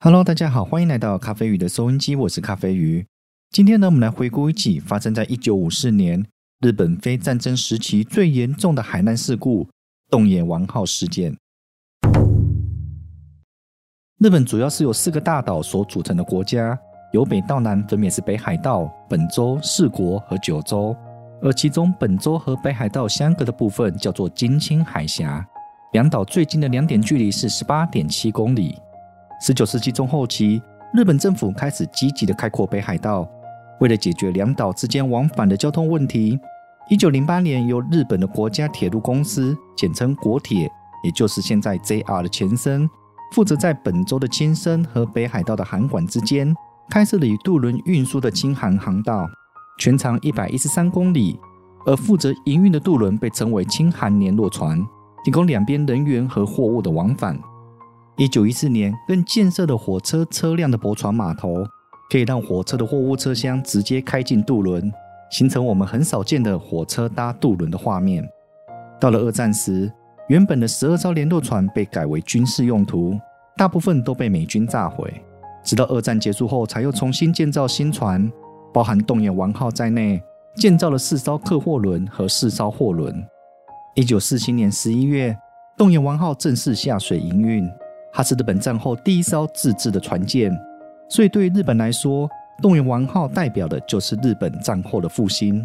Hello，大家好，歡迎來到咖啡魚的收音機，我是咖啡魚。今天呢，我們來回顧一起發生在一九五四年日本非戰爭時期最嚴重的海難事故——“洞爺丸號”事件。日本主要是由四個大島所組成的國家，由北到南分別是北海道、本州、四國和九州。而其中本州和北海道相隔的部分叫做津輕海峽，兩島最近的兩點距離是十八點七公里。19世紀中後期，日本政府開始積極的開拓北海道。為了解決兩島之間往返的交通問題，1908年，由日本的國家鐵路公司（簡稱國鐵，也就是現在 JR 的前身）負責在本州的青森和北海道的函館之間開設了以渡輪運輸的青函航道，全長113公里。而負責營運的渡輪被稱為青函聯絡船，提供兩邊人員和貨物的往返。一九一四年，更建設的火車車輛的駁船碼頭，可以讓火車的貨物車廂直接開進渡輪，形成我們很少見的火車搭渡輪的畫面。到了二戰時，原本的十二艘聯絡船被改為軍事用途，大部分都被美軍炸毀。直到二戰結束後，才又重新建造新船，包含洞爺丸號在內，建造了四艘客貨輪和四艘貨輪。一九四七年十一月，洞爺丸號正式下水營運。它是日本戰後第一艘自製的船艦，所以對於日本來說，洞爺丸號代表的就是日本戰後的復興。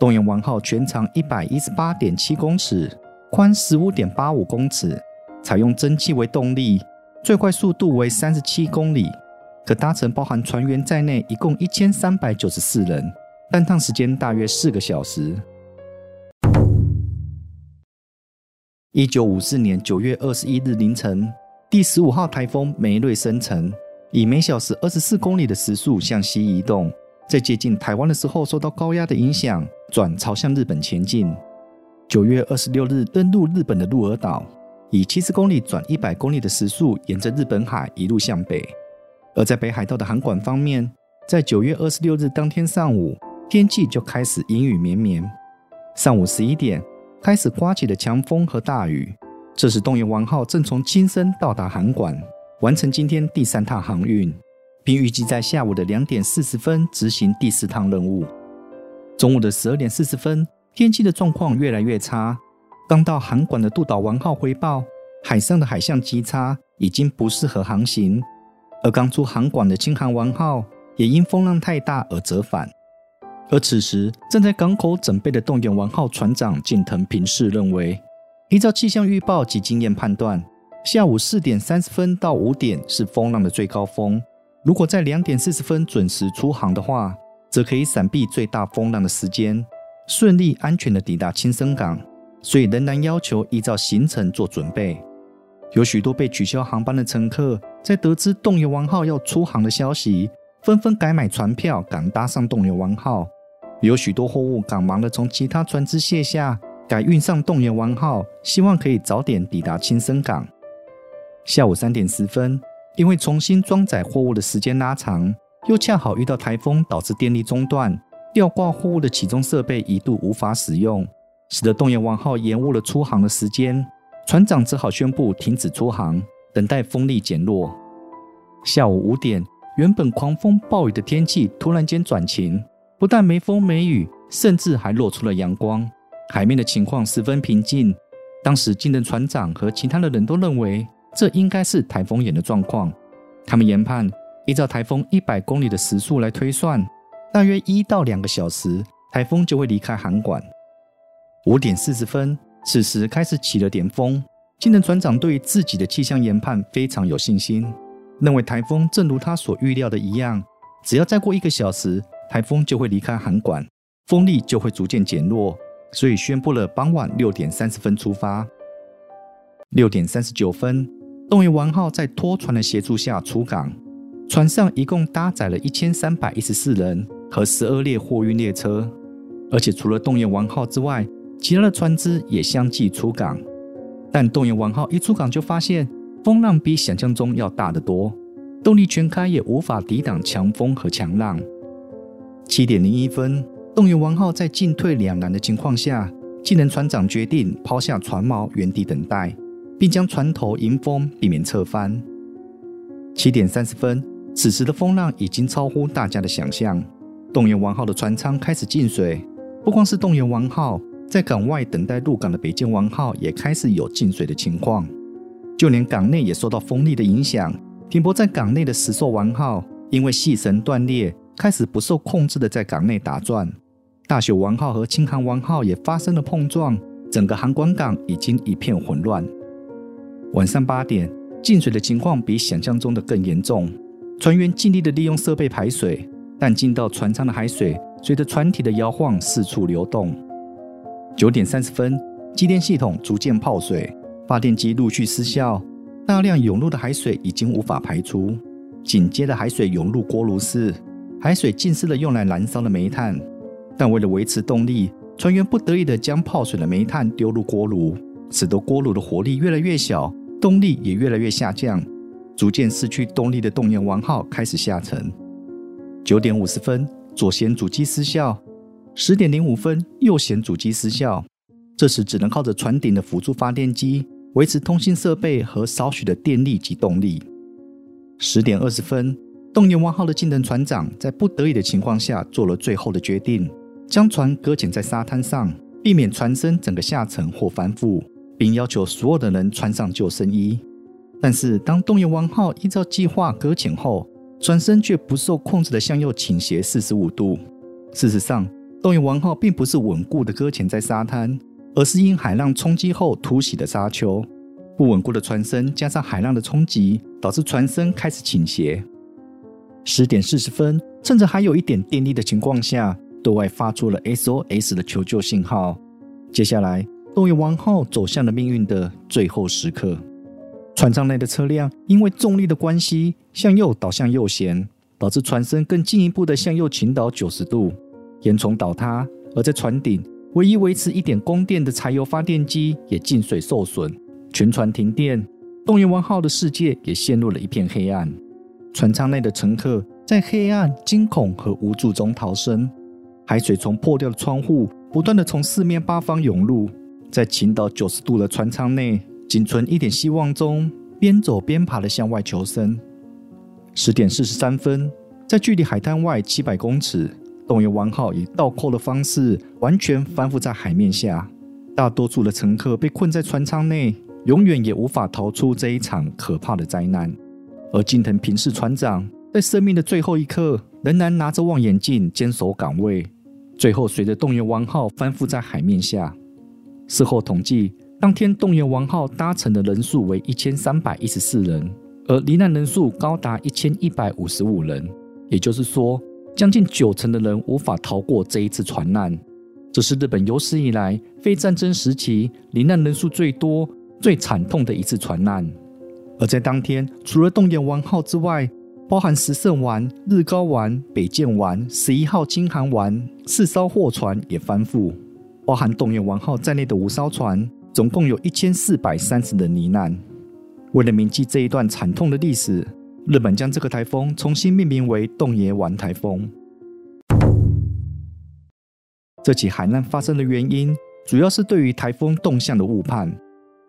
洞爺丸號全長一百一十八點七公尺，寬十五點八五公尺，採用蒸汽為動力，最快速度為三十七公里，可搭乘包含船員在內一共一千三百九十四人，單趟時間大約四個小時。一九五四年九月二十一日凌晨。第十五號颱風梅瑞生成，以每小時二十四公里的時速向西移動，在接近台灣的時候受到高壓的影響，轉朝向日本前進。九月二十六日登陸日本的鹿兒島，以七十公里轉一百公里的時速沿着日本海一路向北。而在北海道的函館方面，在九月二十六日當天上午，天氣就開始陰雨綿綿，上午十一點開始颳起了強風和大雨。這時，洞爺丸號正從青森到達函館，完成今天第三趟航運，並預計在下午的兩點四十分執行第四趟任務。中午的十二點四十分，天氣的狀況越來越差。剛到函館的渡島丸號回報，海上的海象極差，已經不適合航行。而剛出函館的青函丸號也因風浪太大而折返。而此時，正在港口準備的洞爺丸號船長近藤平市認為。依照氣象預報及經驗判斷，下午四點三十分到五點是風浪的最高峰。如果在兩點四十分準時出航的話，則可以閃避最大風浪的時間，順利安全地抵達青森港。所以仍然要求依照行程做準備。有許多被取消航班的乘客，在得知“洞爺丸號”要出航的消息，紛紛改買船票，趕搭上“洞爺丸號”。有許多貨物趕忙地從其他船只卸下。改運上洞爺丸號，希望可以早點抵達青森港。下午三點十分，因為重新裝載貨物的時間拉長，又恰好遇到颱風，導致電力中斷，吊掛貨物的起重設備一度無法使用，使得洞爺丸號延誤了出航的時間。船長只好宣佈停止出航，等待風力減弱。下午五點，原本狂風暴雨的天氣突然間轉晴，不但沒風沒雨，甚至還露出了陽光。海面的情況十分平靜。當時金能船長和其他的人都認為，這應該是台風眼的狀況。他們研判，依照台風一百公里的時速來推算，大約一到兩個小時，台風就會離開函館。五點四十分，此時開始起了點風。金能船長對自己的氣象研判非常有信心，認為台風正如他所預料的一樣，只要再過一個小時，台風就會離開函館，風力就會逐漸減弱。所以宣布了，傍晚六點三十分出發。六點三十九分，洞爺丸號在拖船的協助下出港。船上一共搭載了一千三百一十四人和十二列貨運列車。而且除了洞爺丸號之外，其他的船只也相繼出港。但洞爺丸號一出港就發現，風浪比想象中要大得多，動力全開也無法抵擋強風和強浪。七點零一分。洞爺丸號在進退兩難的情況下，技能船長決定拋下船錨，原地等待，並將船頭迎風，避免側翻。七點三十分，此時的風浪已經超乎大家的想象。洞爺丸號的船艙開始進水，不光是洞爺丸號，在港外等待入港的北見丸號也開始有進水的情況。就連港內也受到風力的影響，停泊在港內的石狩丸號因為細繩斷裂，開始不受控制的在港內打轉。大雪丸號和青函丸號也發生了碰撞，整個函館港已經一片混亂。晚上八點，進水的情況比想象中的更嚴重，船員盡力的利用設備排水，但進到船艙的海水隨着船體的搖晃四處流動。九點三十分，機電系統逐漸泡水，發電機陸續失效，大量湧入的海水已經無法排出。緊接着，海水湧入鍋爐室，海水浸濕了用來燃燒的煤炭。但為了維持動力，船員不得已地將泡水的煤炭丟入鍋爐，使得鍋爐的火力越來越小，動力也越來越下降，逐漸失去動力的洞爺丸號開始下沉。九點五十分，左舷主機失效；十點零五分，右舷主機失效。這時只能靠着船頂的輔助發電機維持通信設備和少許的電力及動力。十點二十分，洞爺丸號的近藤船長在不得已的情況下做了最後的決定。將船擱淺在沙灘上，避免船身整個下沉或翻覆，並要求所有的人穿上救生衣。但是，當“洞爺丸號”依照計劃擱淺後，船身卻不受控制的向右傾斜四十五度。事實上，“洞爺丸號”並不是穩固的擱淺在沙灘，而是因海浪衝擊後突起的沙丘。不穩固的船身加上海浪的衝擊，導致船身開始傾斜。十點四十分，趁着還有一點電力的情況下。對外發出了 SOS 的求救信號。接下來，洞爺丸號走向了命運的最後時刻。船艙內的車輛因為重力的關係向右倒向右舷，導致船身更進一步的向右傾倒九十度，煙囪倒塌。而在船頂，唯一維持一點供電的柴油發電機也進水受損，全船停電。洞爺丸號的世界也陷入了一片黑暗。船艙內的乘客在黑暗、驚恐和無助中逃生。海水從破掉的窗戶不斷的從四面八方湧入，在傾倒九十度的船艙內，僅存一點希望中，邊走邊爬的向外求生。十點四十三分，在距離海灘外七百公尺，洞爺丸號以倒扣的方式完全翻覆在海面下，大多數的乘客被困在船艙內，永遠也無法逃出這一場可怕的災難。而近藤平市船長，在生命的最後一刻，仍然拿着望遠鏡堅守崗位。最後，隨着“洞爺丸號”翻覆在海面下，事後統計，當天“洞爺丸號”搭乘的人數為一千三百一十四人，而罹難人數高達一千一百五十五人，也就是說，將近九成的人無法逃過這一次船難。這是日本有史以來非戰爭時期罹難人數最多、最慘痛的一次船難。而在當天，除了“洞爺丸號”之外，包含十勝丸、日高丸、北見丸、十一號青函丸四艘貨船也翻覆。包含洞爺丸號在內的五艘船，總共有一千四百三十人罹難。為了銘記這一段慘痛的歷史，日本將這個颱風重新命名為洞爺丸颱風。這起海難發生的原因，主要是對於颱風動向的誤判。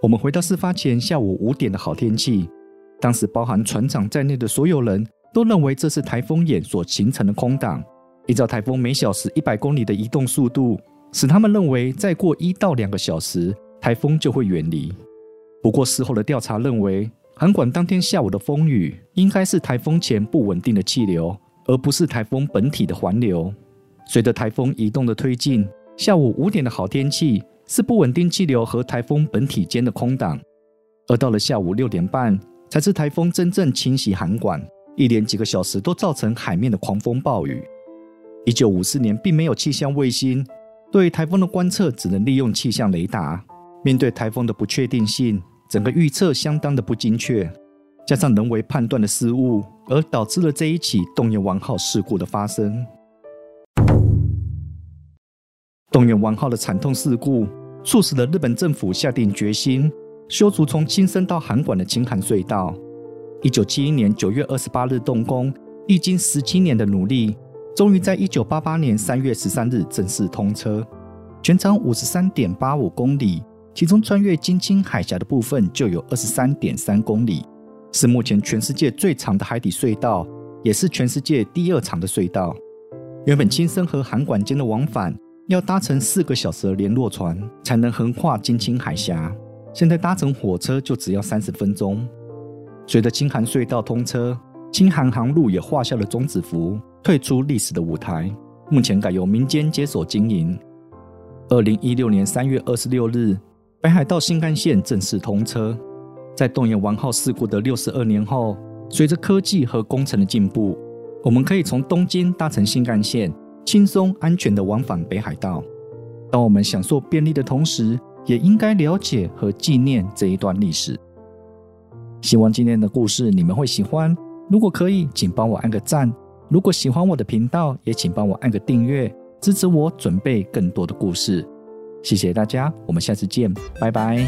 我們回到事發前下午五點的好天氣。當時包含船長在內的所有人都認為這是台風眼所形成的空檔。依照台風每小時一百公里的移動速度，使他們認為再過一到兩個小時，台風就會遠離。不過，事後的調查認為，函館當天下午的風雨應該是台風前不穩定的氣流，而不是台風本體的環流。隨着台風移動的推進，下午五點的好天氣是不穩定氣流和台風本體間的空檔，而到了下午六點半。才是颱風真正侵襲函館，一連幾個小時都造成海面的狂風暴雨。一九五四年並沒有氣象衛星，對颱風的觀測只能利用氣象雷達。面對颱風的不確定性，整個預測相當的不精確，加上人為判斷的失誤，而導致了這一起洞爺丸號事故的發生。洞爺丸號的慘痛事故，促使了日本政府下定決心。修築從青森到函館的青函隧道，一九七一年九月二十八日動工，歷經十七年的努力，終於在一九八八年三月十三日正式通車。全長五十三點八五公里，其中穿越津輕海峽的部分就有二十三點三公里，是目前全世界最長的海底隧道，也是全世界第二長的隧道。原本青森和函館間的往返要搭乘四個小時的聯絡船，才能橫跨津輕海峽。現在搭乘火車就只要三十分鐘。隨着青函隧道通車，青函航路也畫下了中止符，退出歷史的舞台。目前改由民間接手經營。二零一六年三月二十六日，北海道新幹線正式通車。在洞爺丸號事故的六十二年後，隨着科技和工程的進步，我們可以從東京搭乘新幹線，輕鬆安全地往返北海道。當我們享受便利的同時，也應該了解和紀念這一段歷史。希望今天的故事你們會喜歡。如果可以，請幫我按個贊。如果喜歡我的頻道，也請幫我按個訂閱，支持我準備更多的故事。謝謝大家，我們下次見，拜拜。